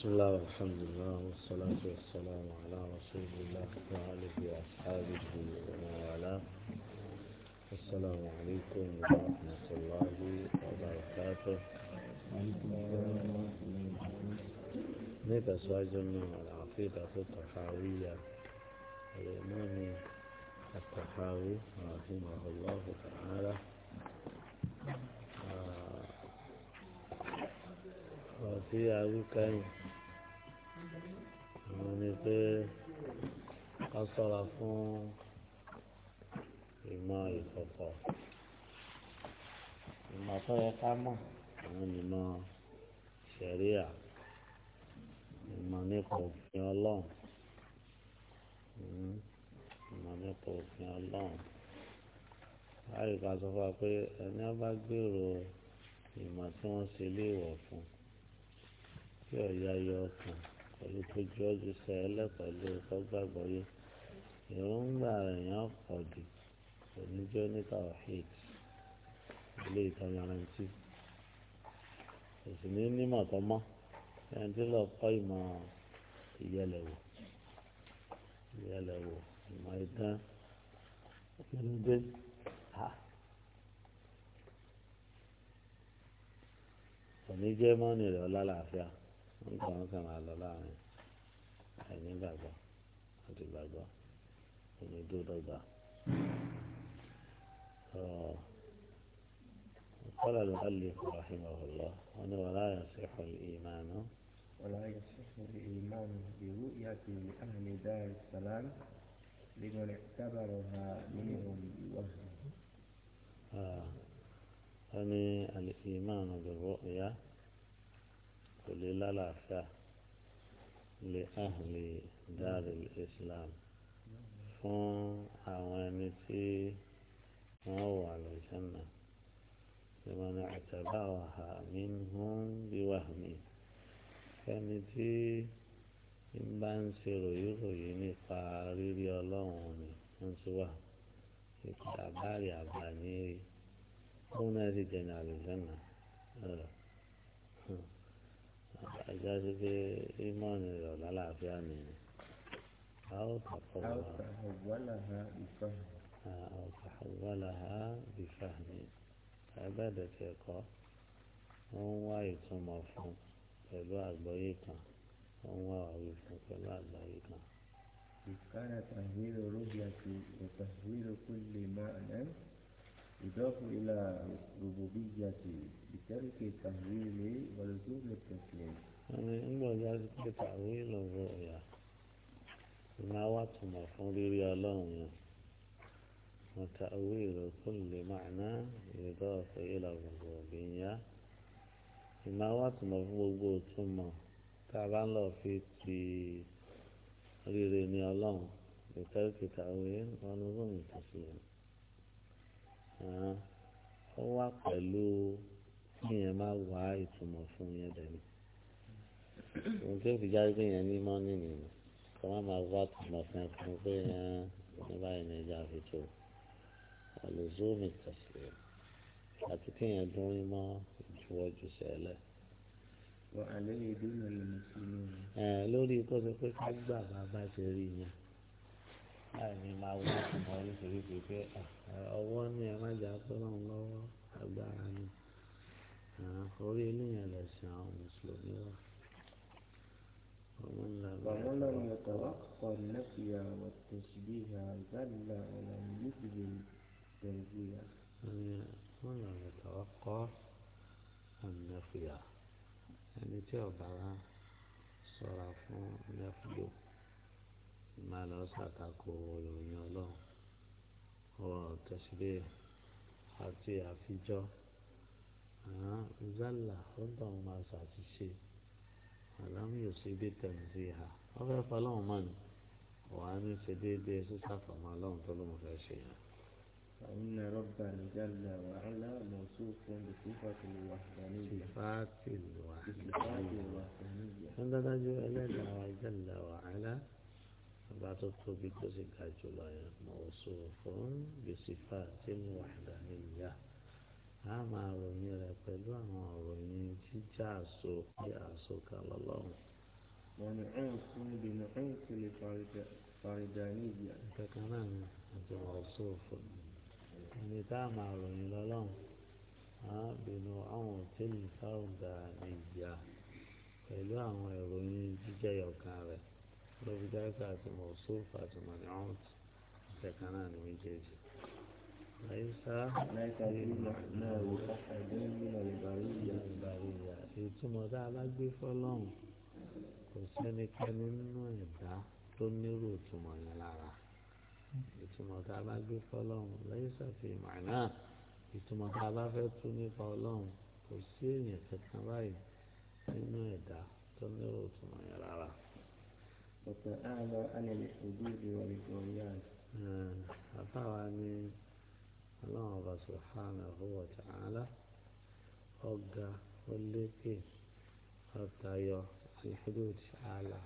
بسم الله والحمد لله والصلاة والسلام على رسول الله وعلى وأصحابه ومن والاه السلام عليكم ورحمة الله وبركاته نبقى سواجنا العقيدة الطحاوية الإمام الطحاوي رحمه الله تعالى آه، وفي أبو كان àwọn ni pé ká sọ̀rọ̀ fún ìmọ̀ ìkọ̀kọ̀ ìmọ̀ tó yẹ ká mọ̀ àwọn ìmọ̀ ṣẹ̀ríà ìmọ̀ nípa òfin ọlọ́run hmm, ìmọ̀ nípa òfin ọlọ́run láyé ká sọ fún wa pé ẹni á bá gbèrò ìmọ̀ tí wọ́n ṣe léèwọ̀ fún kí ọ̀ya yọ ọkàn pẹ̀lú kójú ọjọ́ sẹ́lẹ̀ pẹ̀lú ìfọ́gbàgbọ́ yẹ èròǹgbà rẹ̀ yàn pọ̀ jù oníjọ́ níta ọ̀hìn ilé ìtọ́yọrantí òsì ní nímọ̀ tó mọ́ ẹni tí lọ kọ́ ìmọ̀ ìyẹlẹ̀wò ìyẹlẹ̀wò ìmọ̀ ìdán ìrúdé ha oníjẹ́ mọ́ni rẹ̀ ọlálàáfíà. nígbà wọn kàn máa lọ láàrin àìnígbàgbọ́ àti gbàgbọ́ omi قال المؤلف رحمه الله أنه ولا يصح الإيمان ولا يصح الإيمان برؤية أهل دار السلام لمن اعتبرها منهم وهم. آه. يعني الإيمان بالرؤية kò lè lálàáfíà lè ahli daril islam fún àwọn ẹni tí wọ́n wà lọ́jọ́nà ìmọ̀n àtàbà ọ̀hà mi hún bí wà mí ẹni tí ń bá ń ṣe ròyìnròyìn nípa rírí ọlọ́run ni ń ti wà ìpàdà báyìí àgbà ní rí. Una si tiene la ajá sí pé ímọ̀nì rẹ̀ lálàáfíà nìyẹn a ó tàwọ́láha bífàmì àgbàdo tí ẹ̀kọ́ ó ń wá ìtumọ̀ fún pẹ̀lú àgbọ́yé kan ó ń wá òwe fún pẹ̀lú àgbọ́yé kan. ìkárà tàwílò rúbíà ti ìtàwílò kúlè máa náà. يضاف إلى ربوبية بترك التهويل ولزوم التسليم يعني إما ذلك بتعويل الرؤيا ما واتم ريال الله وتأويل كل معنى يضاف إلى الربوبية ما واتم الربوبية ثم تعبان له في ريال الله بترك التأويل ولزوم التسليم ọ wá pẹ̀lú kíyẹn má wá ìtumọ̀ fún yẹn dẹ̀mí ohun tí ó fi jáde pé yẹn ní mọ́nì nìyẹn kí wọ́n máa wá ìtumọ̀ fún yẹn fún pé yẹn ní báyìí ní ẹja fi tó àlùzómi tẹ̀sílẹ̀ àti kíyẹn dún ní mọ́ ìjúwọ́jú sẹ́lẹ̀. ẹ lórí kó ṣe pé ká gbà bá ṣe rí yẹn láìní máa wọ ọmọ oríṣiríṣi pé ọwọ́ ni ẹ má jà pé ọlọ́run lọ́wọ́ agbára ni orí eléyàn lẹ̀sìn àwọn mùsùlùmí wà. ومن لم يتوقع النفي والتشبيه زل ولم يجزم تنزيها. من لم يتوقع النفي يعني تيوبا صرف نفيه tí máa lọ ṣàtakò ìròyìn ọlọ́run ọ̀rọ̀ tẹ̀sílẹ̀ àti àfijọ́ zala ọ̀dọ̀ àwọn máa ṣàṣìṣe àlámì òsì bí tẹ̀sí ha wọ́n fẹ́ fọ́ ọlọ́run mọ́ ni wàá ní ṣe déédéé sísàfọ̀mọ́ ọlọ́run tó ló mọ̀ fẹ́ ṣe yẹn. فإن ربنا جل وعلا موصوف بصفة الوحدانية صفات الوحدانية عندنا جل وعلا ọba tó tóbi tó sì ga jùlọ yẹn mọ̀ọ́sọ fún gbèsèfà tí mo wà dání ìyá a máa ròyìn rẹ̀ pẹ̀lú àwọn òròyìn jíjà àṣọ pé àṣọ kà lọ́lọ́run. kankan náà ni àti mọ̀ọ́sọ fún ẹni tá a máa ròyìn lọ́lọ́run a bínú àwọn òtẹ́ẹ̀lì lórí dáńkà àti mọ̀sóf àti mọ̀nìyàn kẹ̀kẹ́ náà ni méjèèjì. ليس ليس بمعنى أحد من البرية البرية ìtumọ̀ tá a bá gbé fọlọ́hún kò sẹ́nikẹ́ni nínú ẹ̀dá tó nírò ìtumọ̀ yẹn lára ìtumọ̀ tá a bá gbé fọlọ́hún lẹ́yìn ṣàfihàn àná ìtumọ̀ tá a bá fẹ́ tú nípa ọlọ́hún kò sí èèyàn kankan báyìí nínú ẹ̀dá tó nírò ìtumọ̀ yẹn lára. وتعالى عن الحدود والطغيان hmm. àfàwání ọlọ́run الله سبحانه wa ta'ala ọ̀gá olékè ọ̀tayọ alhudud ààlà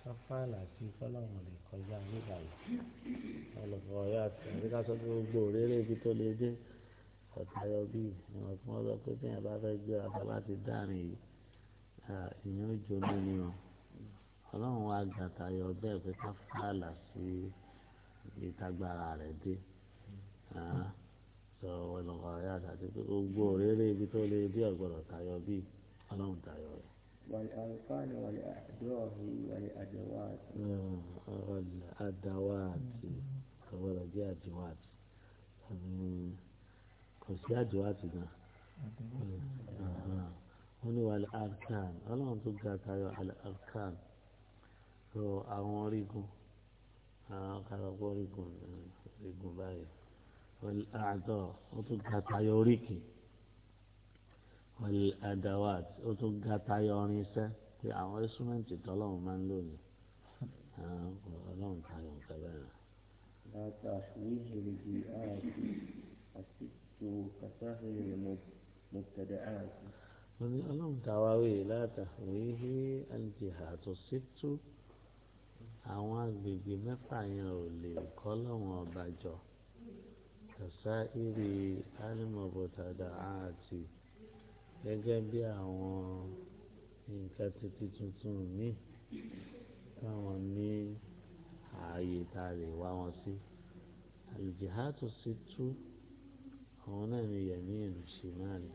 káfàlà tí fọlọ́run lè kọjá nígbà yìí ọlọ́pàá ọ̀yà àti àríkà sọ pé gbogbo òréré ibi tó lè dé ọ̀tayọ bíi ìwọ̀n tí wọ́n sọ pé bá fẹ́ gbé ọ̀tá láti dáàrin yìí ìyẹn ó jóná ni wọn ọlọ́run wa gbà tayọ bẹ́ẹ̀ pé ká fàlà sí ìtagbára rẹ̀ dé sọ ọlọ́run ayé àtàtì pé gbogbo òréré ibi tó lè dé ọ̀gbọ́dọ̀ tayọ bíi ọlọ́run tayọ rẹ̀. والأنفال والأدواه والأدوات. الأدوات ولا جاء أدوات. kò sí àdúrátì náà wọn ni wà á arkan ọlọ́run tó ga tayọ arkan so àwọn orígun àwọn kàrọ̀pọ̀ orígun orígun báyìí àtọ̀ ó tún ga tayọ oríkì wọ́n adawat ó tún ga tayọ orin iṣẹ́ pé àwọn ẹ́súmẹ́ǹtì tọ́lọ́run máa ń lò ní ọlọ́run tayọ nǹkan bẹ́ẹ̀ náà. láti àṣùwéjì rèé ààtì àti tó kàtàkì rẹ̀ mọ̀tẹ̀dẹ̀ ààtì. wọ́n ní ọlọ́run tàwa wèé láti àṣùwéjì àǹtí àtọ̀ sí tú àwọn àgbègbè mẹ́fà yẹn ò lè kọ́lọ́hún ọba jọ kasairi alimobotadaati gẹ́gẹ́ bí àwọn nǹkan títí tuntun míì táwọn ní ààyè tá a lè wá wọn sí alìjìhátù sí tú àwọn náà ní yẹmí ìlú shimali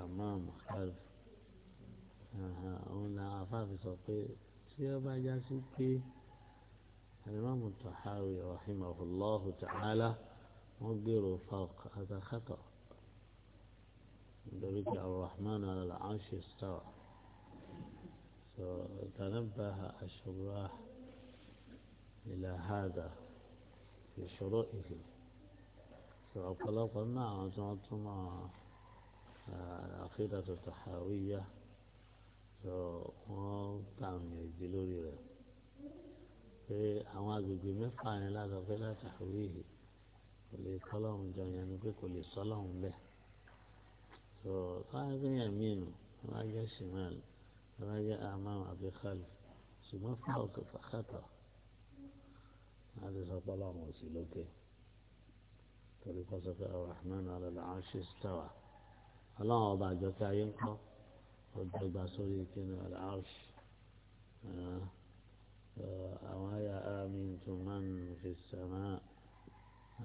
àmọ́ àmọ́ àlù sọ pé. سيما جاسك الإمام الطحاوي رحمه الله تعالى مدير الفرق هذا خطأ دبيت الرحمن على العرش استوى تنبه الشراح إلى هذا في شروئه فأقلقنا عزمتنا الأخيرة التحاوية so wọ́n tàwọn yẹn jí lórí rẹ̀ pé àwọn agbègbè mẹ́fà yẹn lásán fẹ́ látàrí ìhè kò lè kọ́lọ́hún jọ yẹn ni pé kò lè sọ́lọ́hún bẹ́ẹ̀ so táwọn ẹgbẹ́ yẹn mí nù wọ́n á jẹ́ shimal wọ́n á jẹ́ amam àbí khalif ṣùgbọ́n fún ọ̀kẹ́ fàkàtà wọ́n ti sọ pé ọlọ́run ò sí lókè torí kọ́ sọ pé ar-Rahman ala al ọlọ́run ọba àjọkẹ́ ayé ń kọ́. gbàgbà sórí kíni àlàáfù àwọn من في السماء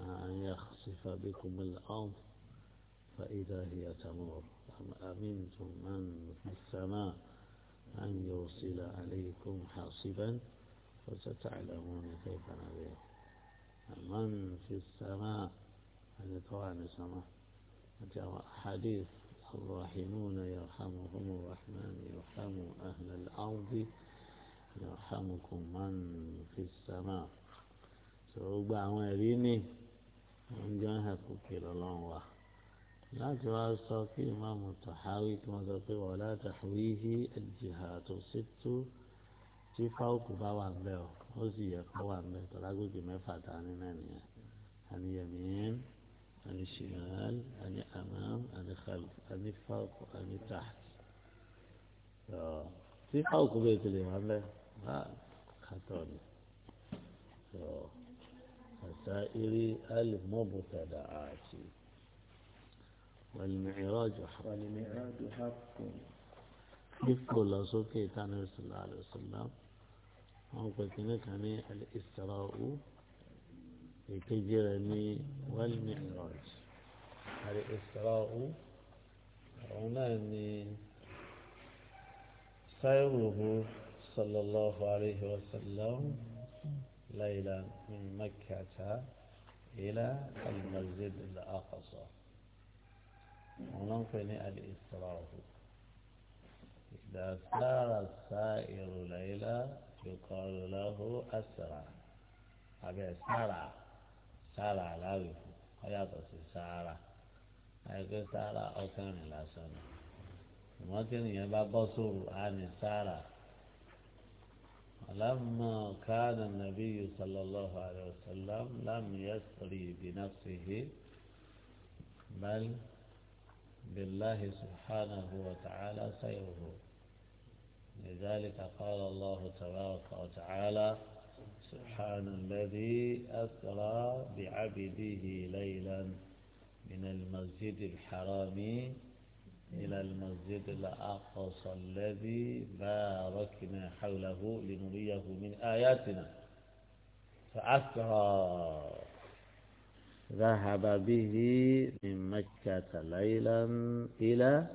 آه، أن يخسف بكم الأرض فإذا هي تمور أم أمنتم من في السماء أن يرسل عليكم حاصبا فستعلمون كيف نذير من في السماء هذا طبعا السماء حديث الراحمون يرحمهم الرحمن يرحم أهل الأرض يرحمكم من في السماء sọ̀rọ̀gbà àwọn ẹ̀rí ni wọ́n jọ ń hẹ̀kú pé lọ́lọ́run wa láti wá sọ kí ìmáàmù tàháwí kí wọ́n sọ pé wọ́n láti àwíhí ẹ̀jìhà tó sí tú tí fáwọ́kù bá wà ńbẹ́ ọ ó sì yẹ kó wà ńbẹ́ tọ́lágbègbè mẹ́fà tá a ní náà nìyẹn àníyàn mìíràn. عن الشمال عن أمام عن خلف عن فوق عن تحت في فوق بيت الإمام ها خطوني خسائر المبتدعات والمعراج حق والمعراج حق كيف كل صوتي كان صلى الله عليه وسلم أو قلت لك الإسراء التجرني والمعراج الإسراء عناني سيره صلى الله عليه وسلم ليلا من مكة إلى المسجد الأقصى وننقل الإسراء إذا سار السائر ليلا يقال له أسرع أبي أسرع sára aláwì fún ọ yàtọ̀ sí sára àìpé sára ọkàrin lásán ni ìmọ̀ tí bá bọ́ sóru á ní sára. لما كان النبي صلى الله عليه وسلم لم يسري بنفسه بل بالله سبحانه وتعالى سيره لذلك قال الله تبارك وتعالى سبحان الذي أسرى بعبده ليلا من المسجد الحرام إلى المسجد الأقصى الذي باركنا حوله لنريه من آياتنا فأسرى ذهب به من مكة ليلا إلى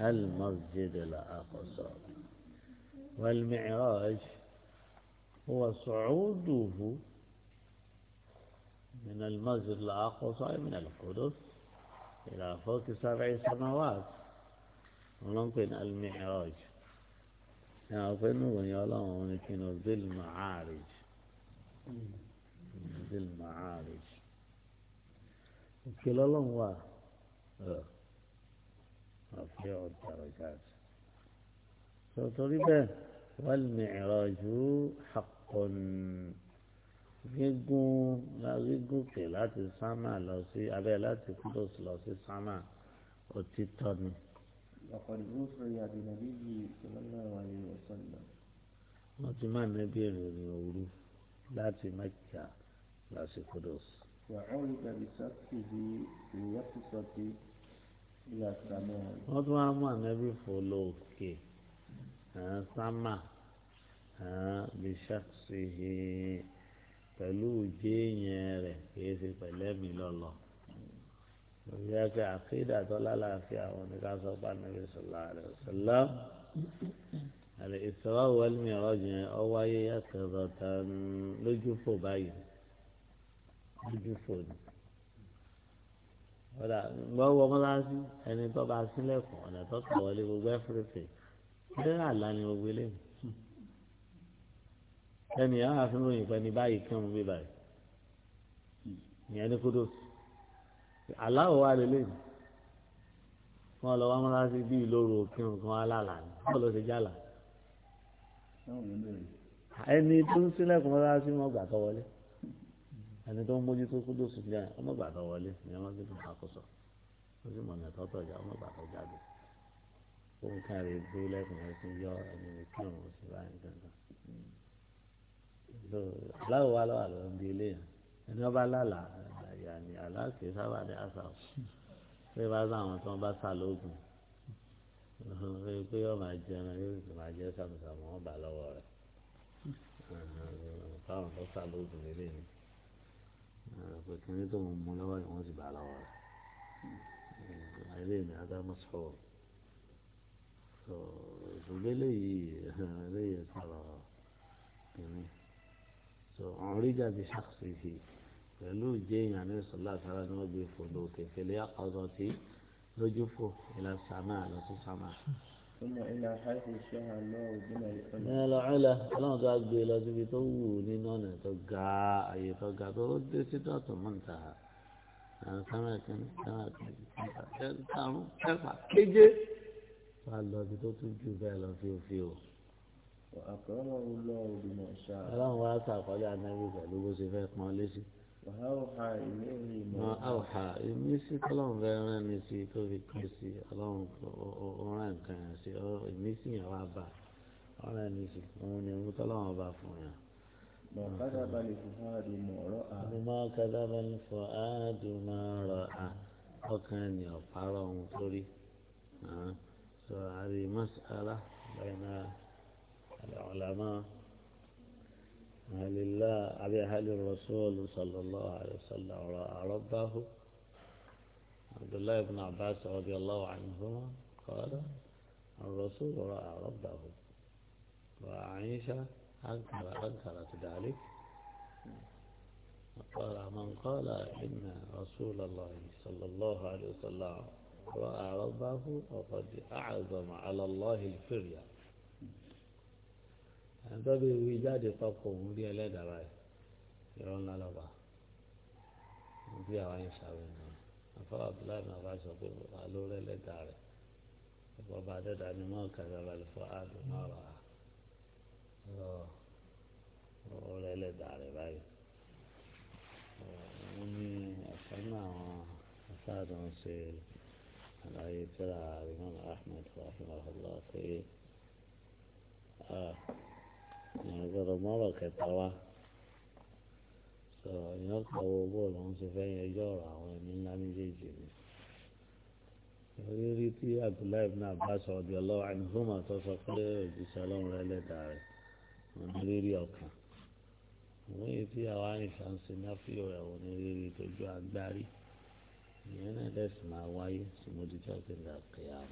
المسجد الأقصى والمعراج هو صعوده من المسجد الأقصى من القدس إلى فوق سبع سماوات ونقل المعراج يعطينه ويلاه ونكينه ذي المعارج ذي المعارج وكل الله هو رفيع الدرجات فطلبه والمعراج حق kọ́ni gígùn gígùnkè láti sámà lọ sí abẹ́ láti kúlòsì lọ sí sámà òtítọ́ ni. wọ́n ti máa nẹ́bí ìròyìn òru láti mẹ́kà lọ sí kúlòsì. wọ́n tún wá mú ànẹ́bí fò lóòkè sámà bíṣàkṣìhì pẹ̀lú jéèyàn rẹ̀ kìí ṣe pẹ̀lẹ́mì lọ́lọ́ lórí ẹgbẹ́ àkéèdà tó lálàáfíà àwọn oníkàsọ bá nàbí sọlá rẹ̀ sọlá àlè ìsọ̀rọ̀ wọlé ọ̀jìn ọwáyé ẹ̀kẹ́rọ̀tà lójúfò báyìí lójúfò ni ọ̀dà gbọ́wọ́ mọ́láṣí ẹni tó bá sílẹ̀kùn ọ̀nà tó kà wọlé gbogbo ẹ̀ fúrufú ṣé àlá ni gbogbo eléyìí ẹnì àwọn àfihàn ìpẹ́ ní báyìí kí wọ́n bí báyìí ìyẹn ní kódó aláwọ̀ wa lè léyìn wọn lọ wá múra sí bí ìlóru òkè nǹkan alálà ni wọn lọ sí jàlá ẹni tó ń sílẹ̀kùn múra sí wọn gbà tó wọlé ẹni tó ń mójútó kódó sí fìyà ọmọ gbà tó wọlé ni wọn sì fi àkóso ó sì mọ̀nà tọ́tọ̀ ọjà ọmọ gbà jáde ó ń gbé lẹ́kùn sí yọ ẹni kí òun sì bá ń gbẹ̀ngàn láwọ wa lọ́wọ́ àlọ́ ń di ilé yẹn ẹni wọ́n bá lálà yàní aláàkè sábà ní àṣà pé bá sá àwọn tí wọ́n bá sá lóògùn pé pé yóò máa jẹ ẹran yóò sì máa jẹ sàmùsàmù wọn bá lọ́wọ́ rẹ̀ fáwọn tó sá lóògùn lélẹ̀ ni pé kìnìún tó ń mú lọ́wọ́ ni wọ́n sì bá lọ́wọ́ rẹ̀ eléyìí ni ádámù sọ̀rọ̀ ṣùgbọ́n eléyìí eléyìí sọ̀rọ̀ kìnìún so àwọn oríjà bíi ṣàkóso pẹ̀lú ìjẹyìn àníṣọlá sára ni wọ́n gbé fòlò kékeré ọ̀dọ̀ tí lójú fò ìlà sàmà lọ sí sàmà. ẹlọ́ọ̀lá ọlọ́run tó a gbé lọ síbi tó wù nínú ọ̀nà tó ga àyè tó ga tó dé sí dọ́tọ̀ mọ́ta àwọn sàmà kìíní sàmà kìíní sàmà kìíní sàmà kéje wà lọ ibi tó tún jù bẹ́ẹ̀ lọ fíofíò ọlọ́run wá sàkọ́lé anábì pẹ̀lú bó ṣe fẹ́ pọn létí. àwòhà ìmísí tọ́lọ́run fẹ́ rán mi sí tó fi pín sí ọlọ́run ó rán nǹkan yẹn sí ìmísí yẹn wá bá ọ̀rẹ́ mi sí òun ni òun tọ́lọ́run bá fún yẹn. Àdùmá kàdábà ní fọ àdùmá rọ̀ à ọkàn ni ọ̀pá rọ̀ ohun tó àrí mọ́sálá báyìí náà. العلماء أهل الله أبي أهل الرسول صلى الله عليه وسلم رأى ربه عبد الله بن عباس رضي الله عنهما قال الرسول رأى ربه وعائشة أنكر أنكرت ذلك قال من قال إن رسول الله صلى الله عليه وسلم رأى ربه وقد أعظم على الله الفرية àtọ́bí wí jáde papọ̀ òun rí ẹlẹ́dàá rẹ̀ ìrọ̀ ńlá lọ́ba bí àwọn yẹn sàrò ní afọwọ́ abdullahi náà bá sọ pé alóore ẹlẹ́dàá rẹ̀ ẹ̀kọ́ bá dẹ́dà ni mọ́ kàdà balẹ̀ fọ́ àdùn náà rà ọ̀rọ̀ ẹlẹ́dàá rẹ̀ báyìí wọ́n ní ẹ̀fọ́ náà àwọn afáàdùn ṣe àlàyé tíra àríwọ̀n ahmed rahimahullah pé. Ah, èèyàn gbọ́dọ̀ mọ́rọ̀ kẹta wá sọ èèyàn kọ owó lòún ṣe fẹ́ yẹjọ́ ọ̀rọ̀ àwọn ẹni ńlá méjèèjì ni oríire tí Abdullahi ibn Abbas ọdí ọlọ́wọ́ àìníhùnmá tó sọ pé òjíṣẹ́ ọlọ́run rẹ lẹ́dàá rẹ̀ onírírí ọkàn òun yìí tí àwa àyìnfà ń ṣe náfíò rẹ̀ onírírí tójú agbárí ìyẹn náà dẹ̀sìn máa wáyé sùmọ́dúnjọ́ kí n dà kéèyàn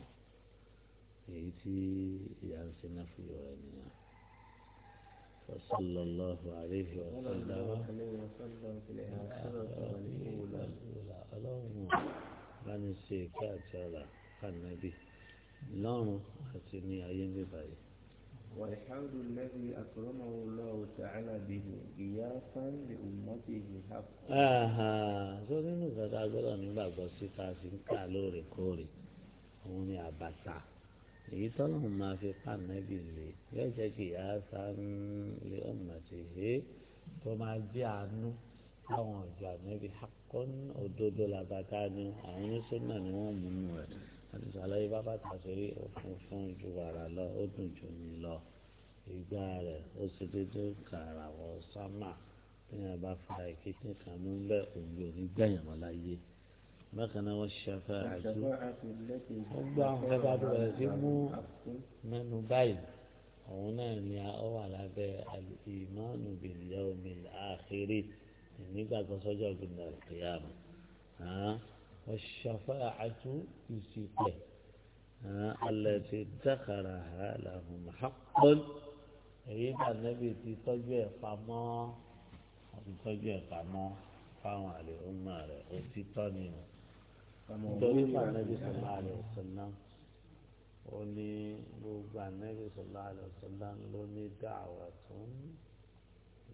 èyí tí ìyá ń ṣe náfíò rẹ̀ وصلى الله عليه وسلم اللهم bani ṣe ìka àti ọ̀la kànábì lọ́rùn àti ní ayé ń bíbáyé. والحمد الذي أكرمه الله تعالى به إيافا لأمته حقا. آها sọ nínú ìgbàdá gbọ́dọ̀ nígbàgbọ́ sí ká fi ń kà lóòrèkóòrè òun ni àbàtà èyí tọ́lọ́hún máa fi pàǹdẹ́bì lè yóò jẹ́ kí ìyá sáánú lé ọ̀nà tì í tó máa jẹ́ àánú táwọn ọ̀jọ̀ àmẹ́bí akọ́n òdodo làbàtà ni àwọn oníṣẹ́nà ni wọ́n mú un rẹ̀ láti sàlàyé bábà tàṣírí òfin fún ju wàrà lọ ó dùn jù ní lọ ìgbà rẹ̀ ó sì dédé kàràwọ̀ sámà bí wọ́n bá fa ìkíkín kan mú bẹ́ẹ̀ òun yóò ní gbẹ̀yìn mọ́ láyé bákan náà wọ́n ṣàfà àjò wọ́n gbọ́ àwọn fẹ́ bá bẹ̀rẹ̀ sí mú mẹ́nu báyìí òun náà ni ó wà lábẹ́ ìmánu bìlíọ̀ omi àkérè nígbàgbọ́ sọ́jọ́ ọ̀gbìnà ìpìyàmù wọ́n ṣàfà àjò ìsìnkẹ́ alẹ́ ti dákàrà àlàhùn àpọ́n èyí tànẹ́bì ti tọ́jú ẹ̀ pamọ́ ti tọ́jú ẹ̀ pamọ́ fáwọn àlè ọmọ rẹ̀ òtítọ́ nínú nítorí fàánẹ́bí sọ̀lá àlẹ́ ọ̀sọ̀lá ó ní gbogbo ànẹ́bí sọ̀lá àlẹ́ ọ̀sọ̀lá ló ní dáàwà tó ń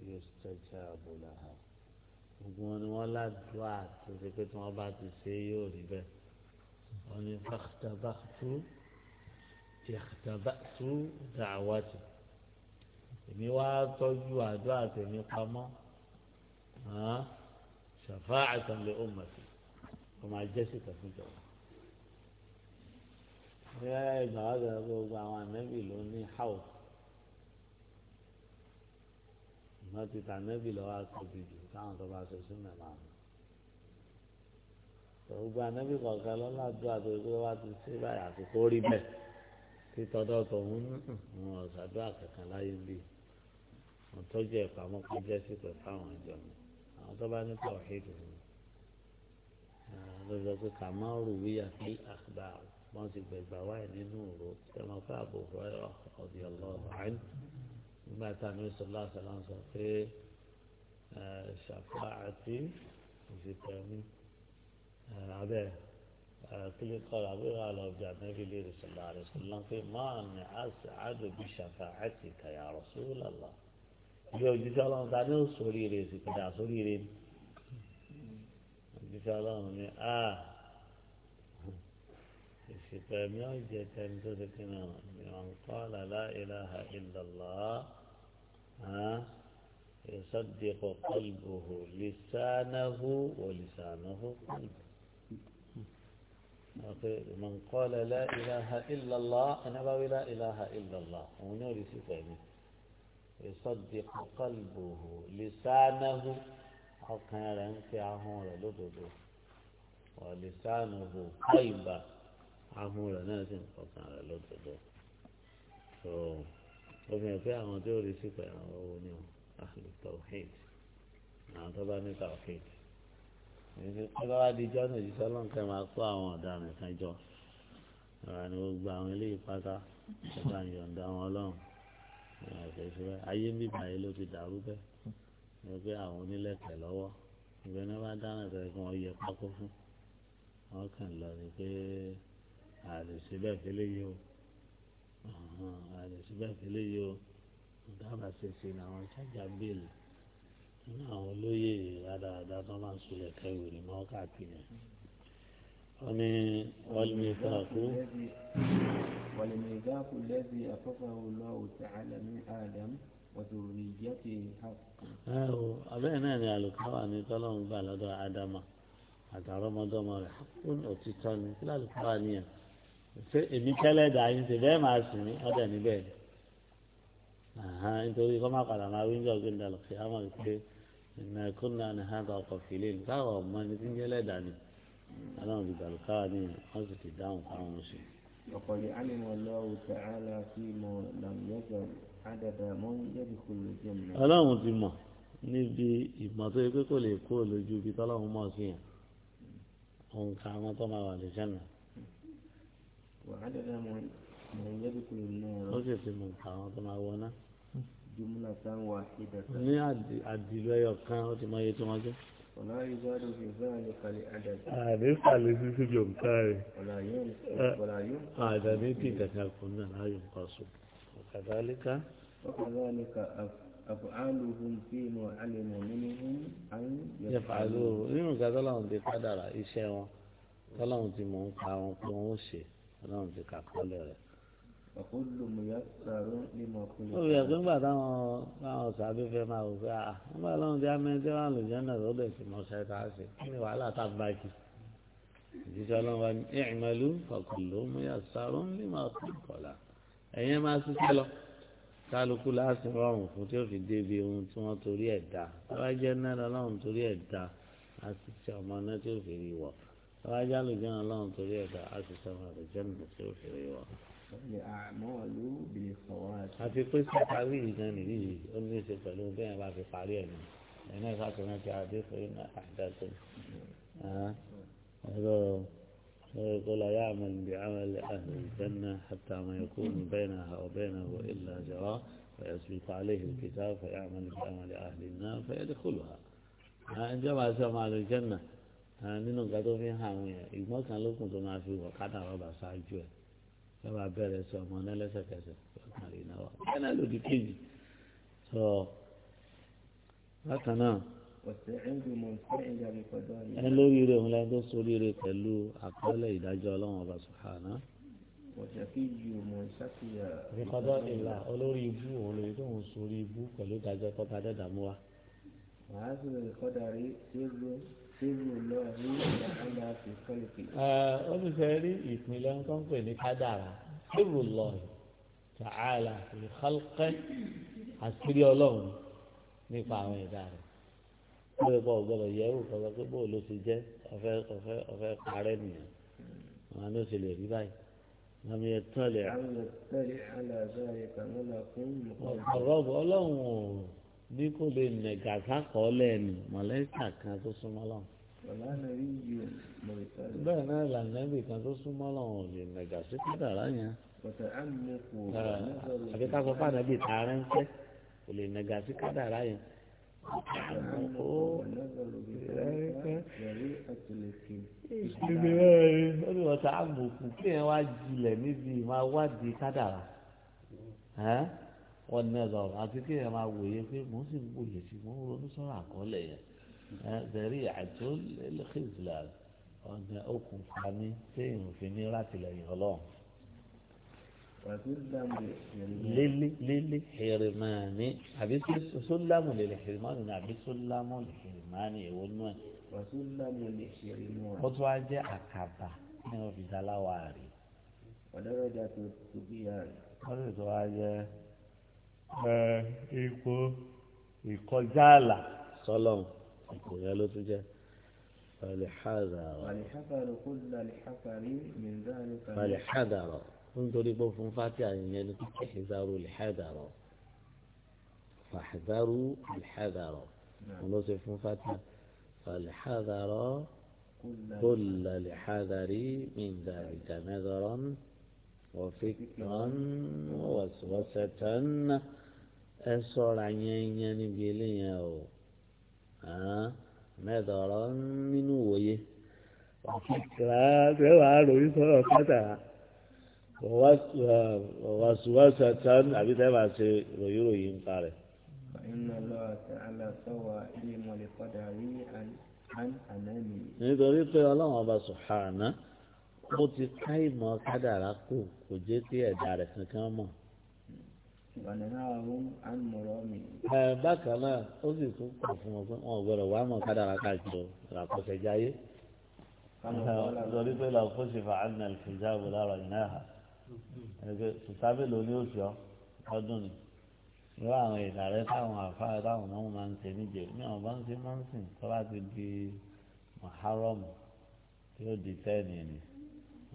yóò tẹ̀jà àbòlà ha gbogbo wọn ni wọn ládùúgbò àti ṣe pé tí wọn bá ti ṣe yóò rí bẹ́ẹ̀ wọn ni bàtàbàtú ìyàtàbàtú dáàwà tó èmi wá tọ́jú àdúrà tèmi pamọ́ ṣàfáà àtàlẹ́ ọmọ sí máa jẹ́ sí ìtọ́fún jọba. Bóyá ìgbà wá gbà gbogbo àwọn ànẹ́bì ló ní háwù. Ìmọ̀ ti ta ànẹ́bì lọ́wọ́ àtòbí jù káwọn tó bá ṣe sínú ẹ̀ máa mú. Gbogbo ànẹ́bì kọ̀ọ̀kan lọ́ládùn àtòbí tó bá ti ṣe báyìí àti kó rí bẹ́ẹ̀. Títọ́dọ̀ tòun ń ọ̀sàdúrà kankan láyé bíi wọ́n tọ́jú ẹ̀ pamọ́ kó jẹ́ sí pẹ̀ fáwọn ìjọ mi. Àwọn tó bá ní pọ̀ ọ̀hìn ìdùnnú lọ́jọ́ pé kàmáàrù wíyà fi àgbà wọ́n ti gbẹ̀gbà wáyé nínú òru tẹ̀wọ́n fún Abu Hurairah radiyallahu anhu nígbà tá a ní sọlá sọlá ń sọ pé ṣàfáàtì ìfipẹ̀mí abẹ́ kílí kọ́ra wíwá lọ́jà níbi lè sọlá rẹ̀ sọlá pé máa ní àṣàdù bí ṣàfáàtì kàyà Rasulullah ilé òjijì ọlọ́run ta ní ó sórí rẹ̀ sì padà sórí rẹ̀ ni. ìdíṣẹ́ ọlọ́run ní a ìsìnkú ẹ̀mí ọ̀jẹ̀ tẹ́ni tó ti kíni ọ̀rọ̀ ìwọ̀n يصدق قلبه لسانه ولسانه قلبه من قال لا إله إلا الله أنا بقول لا إله إلا الله ونوري سفاني يصدق قلبه لسانه ọkàn rẹ̀ ń fi ahọ́n rẹ̀ lódodo ọ̀lẹ́sàánù hù kọ́ ìgbà ahọ́n rẹ̀ náà sì ń fọkàn rẹ̀ lódodo so òfin ìpè àwọn tí ó rí sí pé àwọn owó ni àlè tawhid àwọn tó bá ní tawhid ọba wa di jọ́nà òjíṣẹ́ ọlọ́nkẹ́ máa kó àwọn ọ̀daràn kan jọ ọ̀rọ̀ ni gbogbo àwọn eléyìí pátá ọba ń yọ̀ǹda wọn ọlọ́run ayé ń bíbá yìí ló ti dàrú bẹ́ẹ̀ ní pé àwọn onílẹ̀kẹ̀ lọ́wọ́ ìgbẹ́ náà bá dáná tẹ̀lé kí wọ́n yẹ pákó fún wọ́n kàn lọ ni pé àlèsí bẹ́ẹ̀ fi léyìí o àlèsí bẹ́ẹ̀ fi léyìí o dábàá ṣèṣe ní àwọn ṣájà bíìlì nínú àwọn olóyè rádaràdá tó máa ń sulẹ̀ kẹwìrì ní wọ́n káàkiri wọ́n ní wọ́n lè dákú. wọ́n lẹ́bi àkọ́kọ́ ọlọ́wọ́ tààlà ní àdámù abẹ́rẹ́ náà ni àlùkáwà ní tọ́lọ́run gbà lọ́dọ̀ ádámà àtàrọ́ ọmọdọ́mọ rẹ̀ fún òtítọ́ ni kí lálùkáwà nìyẹn ṣé èmi tẹ́lẹ̀ dà yín ṣe bẹ́ẹ̀ máa sìn mí ọ̀dẹ̀ níbẹ̀ nítorí kọ́ máa padà máa wíńdọ̀ gbẹ̀ndà lọ́sí àmọ́ pé ìnà ẹ̀kọ́ náà ni hàn ọkọ̀ fìlẹ̀ káwọ̀ ọmọ ní ti ń jẹ́lẹ̀ dà ní aláwọn ọlọ́run ti mọ̀ níbi ìmọ̀ tó yẹ pé kò lè kó lójú ibi tọ́lọ́run mọ̀ sí yẹn òun ka àwọn tó máa wà lè sẹ́nu. ó sì ti mọ̀ nǹkan àwọn tó máa wọ ná. ní àdìlú ẹyọ kan ó ti mọ iye tí wọ́n jẹ́. Àdé kàlẹ́ sí síbi rẹ̀. Àdàdé tí ìkàkà kò ní àláyò nǹkan sùn. وكذلك وكذلك أفعالهم فيما علموا منهم أن يفعلوه nínú nǹkan tọ́lọ́run ti kádàrá iṣẹ́ wọn tọ́lọ́run ti mọ̀ ń pa wọn pé wọ́n ó ṣe tọ́lọ́run ti kà kọ́lẹ̀ rẹ̀. Olùyẹ̀ pé ńgbà táwọn táwọn sábẹ́ fẹ́ máa wò pé àà ńgbà lọ́run ti amẹ́ tí wọ́n lò jẹ́nà tó dẹ̀ ti mọ̀ ṣe tá a ṣe kí ni wàhálà tá a bá kì. Ìjíṣẹ́ ọlọ́run wa ní ìrìnmẹ́lú fọkùnlómúyà sáró ń lè máa kọ́ ìkọ̀lá ẹ̀yin máa ṣiṣẹ́ lọ kálukú láti rọrùn fún tí ó fi débi ohun tí wọ́n torí ẹ̀ dá tọ́wájẹ́ náà lọ́rùn torí ẹ̀ dá a sì ṣe ọmọ náà tí ó fi rí wọ̀ tọ́wájẹ́ àlùjẹ́ náà lọ́rùn torí ẹ̀ dá a sì ṣe ọmọ àlùjẹ́ náà tí ó fi rí wọ̀. àti pé sí parí ìgbà nìyí ó ní í ṣe pẹ̀lú bẹ́ẹ̀ bá fi parí ẹ̀ ní ẹ̀ náà ṣàtúnyẹ́ ti àdéhùn náà àdá tó ẹ̀rọ. ويقول يعمل بعمل أهل الجنة حتى ما يكون بينها وبينه إلا جراء فيثبت عليه الكتاب فيعمل بعمل أهل النار فيدخلها جمع جمع الجنة nínú nǹkan tó fi ń hàn àwọn èèyàn ìgbọ́n kan lókun tó máa fi wọ̀ kádà rọ́bà ṣáájú ẹ̀ ẹ bẹ̀rẹ̀ sí ọmọ náà lẹ́sẹ̀kẹsẹ̀ lè náwó ẹ náà lòdì kejì sọ bákan náà ẹ lórí rẹ òun lẹni tó sórí rẹ pẹ̀lú àkọọ́lẹ̀ ìdájọ́ ọlọ́run ọba sùhánà. ìfipádọ́ ìlà olórí ibú òun lórí tó ń sórí ibú pẹ̀lú ìdájọ́ tó bá dẹ́dà mú wa. ó ti fẹ́ rí ìpínlẹ̀ nǹkan pè ní kádàrà sírù lọ́ọ̀rì tààlà ìkálùkẹ́ àṣírí ọlọ́run nípa àwọn ẹ̀dá rẹ̀ wọ́n lè bọ́ ọ̀gbọ́dọ̀ yẹ̀wò kọ́sọ́ pé bóò ló ti jẹ́ ọ̀fẹ́ ọ̀fẹ́ ọ̀fẹ́ parẹ́ nìyẹn àwọn ló ti lè rí báyìí wọ́n mi tán lè. ọ̀rọ̀bù ọlọ́run ò bí kò lè nà gàtà kọ́ lẹ́nu mọ̀lẹ́kà kan tó súnmọ́ lọ́wọ́. bẹ́ẹ̀ náà làǹdẹ́bì kan tó súnmọ́ lọ́wọ́ ò lè nà gàtà kádàrá yẹn. àti ká sọ fún àdàbì tààrẹ́ ń fẹ́ kò lè nà gàtà kádàrá yẹn ìgbìmọ̀ rẹ̀ ó ní wọ́n sáà bùkù kí ẹ̀ wá jilẹ̀ níbi máa wádìí kádàrà wọ́n ní ẹ̀dọ̀ àti kí ẹ̀ máa wòye pé mò ń sì ń wòye sí mò ń ronú sọ́rọ̀ àkọọ́lẹ̀ yẹn bẹ̀rí àjọ lẹ́lẹ́kẹ̀ẹ́sì là ọ̀nà okùnfà mi téèyàn fi ní látìlẹ́yìn ọlọ́run lele lele hirimani àbí sulamu lele hirimani ni àbí sulamu lele hirimani èwo náà ó tún wá jẹ́ àkàbà ní ọ̀fìsàláwà rẹ̀. ọ̀dọ́rọ̀dà tó tóbi yà rẹ̀. wọ́n sì tún wá jẹ́ eh, ipò ìkọjáàlà sọlọ́m ipò yẹn ló tún jẹ́. فلحذر فلحذر كل الحذر من ذلك فلحذر كنتم بوفون فاتي يعني احذروا الحذر فاحذروا الحذر ونصف فاتي فالحذر كل لحذر من ذلك نذرا وفكرا ووسوسة أسرع يعني بيلي أو نذرا من ويه وفكرا بوالو يسوسة wàsíwàsá tán àbí tẹ́ bá ṣe ròyìn ròyìn ń parẹ́. nítorí pé ọlọ́run ọba sùhánà ó ti ká ìmọ̀ kádàrá kù kò jẹ́ kí ẹ̀dá rẹ̀ kankan mọ̀. bákan náà ó sì tún kọ̀ fún wọn pé wọn ò gbọdọ̀ wá mọ̀ kádàrá káàkiri àkọsẹ̀jáyé. nítorí pé làwọn kó sì fà á lára ìnáhà ẹgbẹ́ tùtàbí ló ní oṣù ọ ọdún ni irú àwọn ìdàrẹ́ táwọn àfáà táwọn ọmọ máa ń ṣe níjẹ ní àwọn bá ń ṣe máa ń sìn tó bá ti di mọ̀hárọ́mù tí ó di tẹ́ẹ̀nì ni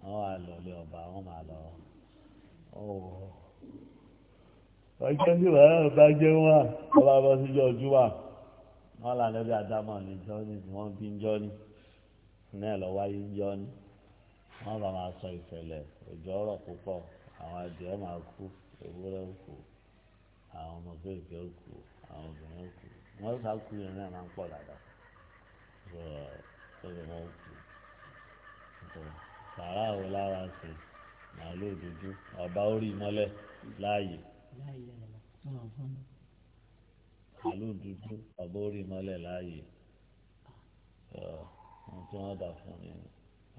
wọ́n wà lọ́lé ọba wọ́n máa lọ ọwọ́ ọjọ́ tí wàá bá jẹ́ wà wọ́n bá bọ́ síjọ́ ojú wà wọ́n là lẹ́bí àdámọ̀ níjọ́ ni tí wọ́n bí ń jọ́ náà lọ wáyé ń jọ́ wọ́n bá máa sọ ìṣẹ̀lẹ̀ òjò ọ̀rọ̀ púpọ̀ àwọn adìẹ máa kú ewúrẹ́ kú àwọn ọmọ kéèké kú àwọn obìnrin kú wọ́n sá kú yẹn náà máa ń pọ̀ dáadáa rẹ̀ ẹ̀rọ máa kú. sàrà wo lára sí màálù dúdú ọba orí mọ́lẹ̀ láàyè màálù dúdú ọba orí mọ́lẹ̀ láàyè ah. ohun tí wọ́n dà fún mi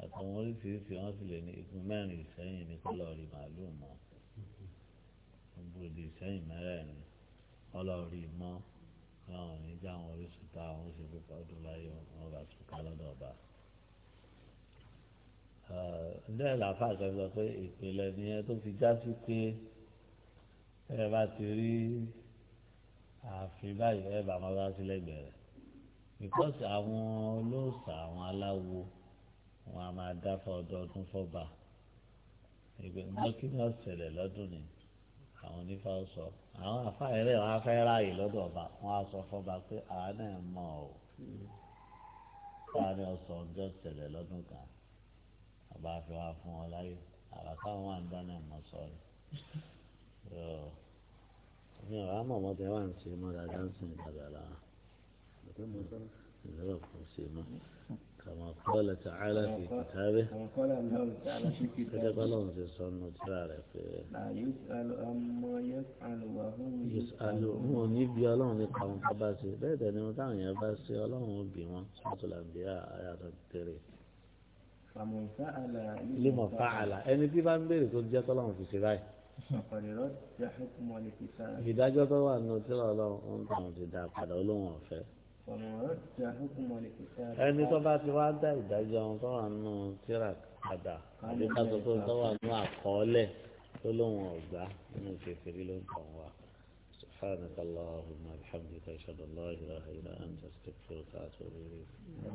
àtàwọn oríṣiríṣi wọn sì lè ní igun mẹ́rin ìsẹ́yìn ní kọlọrí màálù mọ gbòdì ìsẹ́yìn mẹ́rẹ̀ẹ̀rin kọlọrí mọ káwọn oníjà àwọn oríṣi tá àwọn oṣù púpọ̀ ọdún láyé wọn bá tún ká lọ́dọ̀ ọba. ǹjẹ́ làáfà kan sọ pé ìpìlẹ̀ nìyẹn tó fi já sí pé ẹ bá ti rí ààfin báyìí ẹ bá máa bá sílẹ̀ gbẹ̀rẹ̀ bíkọ́sì àwọn olóòṣà àwọn aláwo wọn a máa dáfọ ọdọọdún fọba ìgbìmọ̀ kí ni ọ̀sẹ̀lẹ̀ lọ́dún ni àwọn onífà sọ àwọn afáyẹrẹ wọn afẹ́ ráàyè lọ́dọ̀ ọba wọn a sọ fọba pé àwa náà mọ̀ ọ́ láàrin ọ̀sán ọjọ́ ọ̀sẹ̀lẹ̀ lọ́dún kan ọba àfi wá fún ọ láyé àwa káwọn wà ń dáná mọ̀ sọ́ọ́rì mi ò rámọ̀ mọ́ tẹ́ wà ń ṣe mọ́ dáadáa ń sìn ìdàgbà lára ìdàgbà ṣe mọ́. كما قال تعالى في كتابه كما قال الله تعالى في كتابه لا يسأل أما يفعل وهم يسألون يبي الله نقام قباسي بيدا نمتعن يباسي الله بما سورة الأنبياء آيات التري فمن سأل لما فعل أن تبان بيري كل جات الله في سباي فقد رد حكم الكتاب إذا جات الله نترى الله أنت متدعى قد أولوه فيه ẹni tó bá ti wá dá ìdájọ́ ohun tó wà nù tíra padà àbí ká sọ pé tó wà nù àkọọ́lẹ̀ tó lóun ọ̀gbá nínú kékeré ló ń tàn wá سبحانك اللهم وبحمدك اشهد ان لا اله الا انت استغفرك واتوب اليك